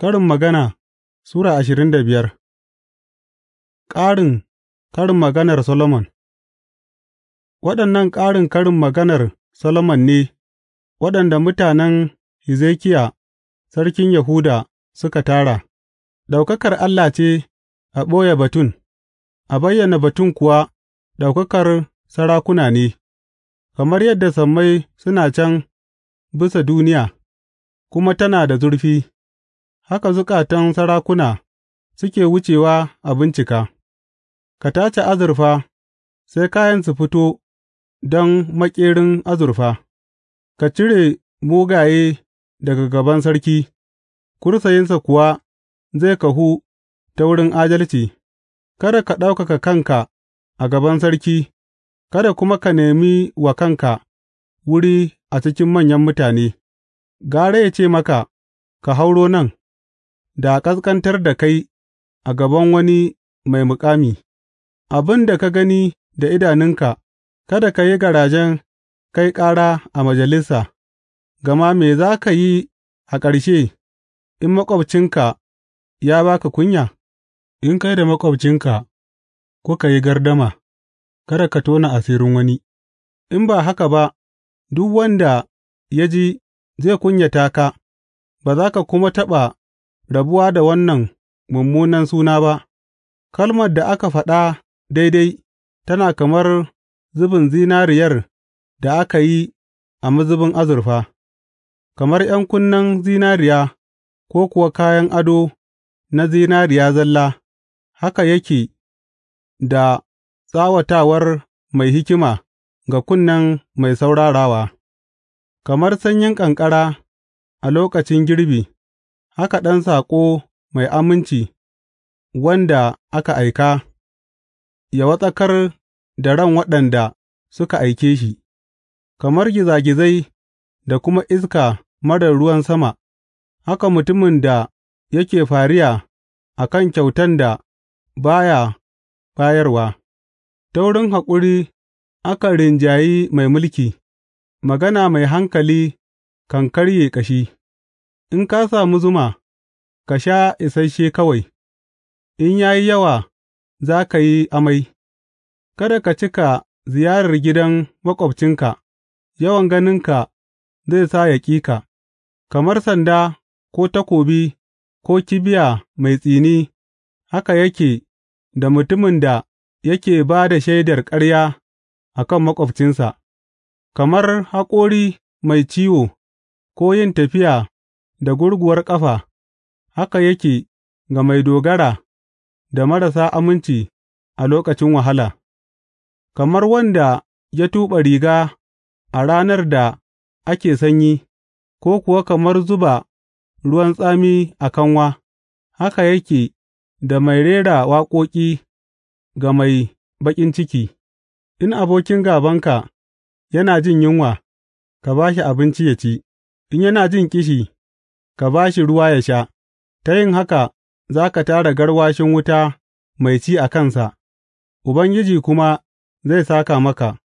Karin Magana Sura ashirin da biyar Ƙarin karin maganar Solomon Waɗannan ƙarin karin maganar Solomon ne waɗanda mutanen Hezekiya sarkin Yahuda suka tara, ɗaukakar Allah ce a ɓoye batun, a bayyana batun kuwa ɗaukakar sarakuna ne, kamar yadda sammai suna can bisa duniya, kuma tana da zurfi. haka zukatan sarakuna suke wucewa a bincika; ka tace azurfa sai kayan su fito don maƙerin azurfa, ka cire mugaye daga gaban sarki, kursayinsa kuwa zai kahu ta wurin adalci; kada ka ɗaukaka kanka a gaban sarki, kada kuma ka nemi wa kanka wuri a cikin manyan mutane; gara ya ce maka, Ka hauro nan,’ da a ƙasƙantar da kai a gaban wani mai muƙami, abin da ka gani da idanunka, kada ka yi garajen kai ƙara a majalisa, gama me za ka yi a ƙarshe in maƙwabcinka ya ba ka kunya? In kai da maƙwabcinka kuka yi gardama, kada ka tona asirin wani, in ba haka ba, duk wanda ya ji zai kunyata ka, ba za ka kuma taɓa rabuwa da wannan mummunan suna ba, kalmar da aka faɗa daidai tana kamar zubin zinariyar da aka yi a mazubin azurfa, kamar ’yan kunnen zinariya ko kuwa kayan ado na zinariya zalla, haka yake da tsawatawar mai hikima ga kunnen mai saurarawa, kamar sanyin ƙanƙara a lokacin girbi. haka ɗan saƙo mai aminci wanda aka aika ya wartsakar da ran waɗanda suka aike shi, kamar gizagizai da kuma iska marar ruwan sama, haka mutumin da yake fariya a kan kyautan da baya ya bayarwa, ta wurin haƙuri aka rinjayi mai mulki, magana mai hankali kan karye ƙashi. In ka sami zuma, ka sha isasshe kawai; in ya yi yawa za ka yi amai; kada ka cika ziyarar gidan maƙwabcinka, yawan ganinka zai sa ya ƙi ka, kamar sanda ko takobi ko kibiya mai tsini haka yake da mutumin da yake ba da shaidar ƙarya a kan maƙwabcinsa, kamar haƙori mai ciwo ko yin tafiya. da gurguwar ƙafa, haka yake ga mai dogara da marasa aminci a lokacin wahala, kamar wanda ya tuɓe riga a ranar da ake sanyi, ko kuwa kamar zuba ruwan tsami a kanwa, haka yake da mai rera waƙoƙi ga mai baƙin ciki, in abokin gābanka yana jin yunwa, ka ba shi abinci ya ci, in yana jin ƙishi, ka ba shi ruwa ya sha, ta yin haka za ka tara garwashin wuta mai ci a kansa, Ubangiji kuma zai saka maka,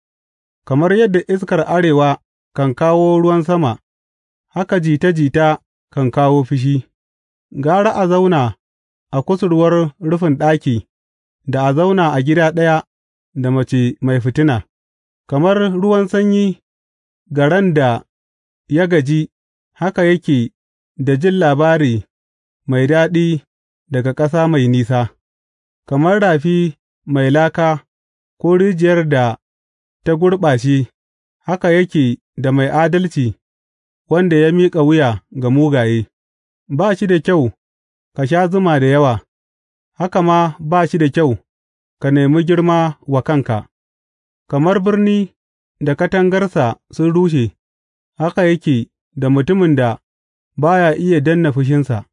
kamar yadda iskar arewa kan kawo ruwan sama, haka jita jita kan kawo fushi, gara a zauna a kusurwar rufin ɗaki da a zauna a gida ɗaya da mace mai fitina, kamar ruwan sanyi garan da ya gaji haka yake da jin labari mai daɗi daga ƙasa mai nisa, kamar rafi mai laka ko rijiyar da ta gurɓace, haka yake da mai adalci wanda ya miƙa wuya ga mugaye; ba shi da kyau ka sha zuma da yawa, haka ma ba shi da kyau ka nemi girma wa kanka, kamar birni da katangarsa sun rushe, haka yake da mutumin da ba ya iya danne fushinsa.